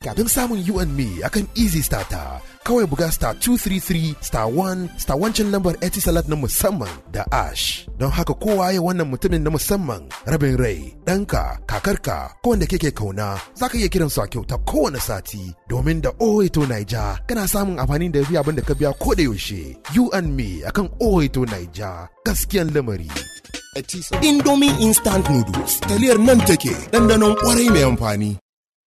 Kafin samun you and me akan Easy Starter, kawai buga star 233 star 1 star wancan lambar Etisalat na musamman da ash. Don haka kowa ya wannan mutumin na musamman rabin rai, ɗanka, kakarka, ko wanda kake kauna, za ka iya kiran su a kyauta kowane sati. Domin da Oito Naija, kana samun amfani da yafi abin da ka biya ko da yaushe. You and me akan Oito Naija, gaskiyan lamari. Indomie instant noodles, taliyar nan take, ɗanɗanon kwarai mai amfani.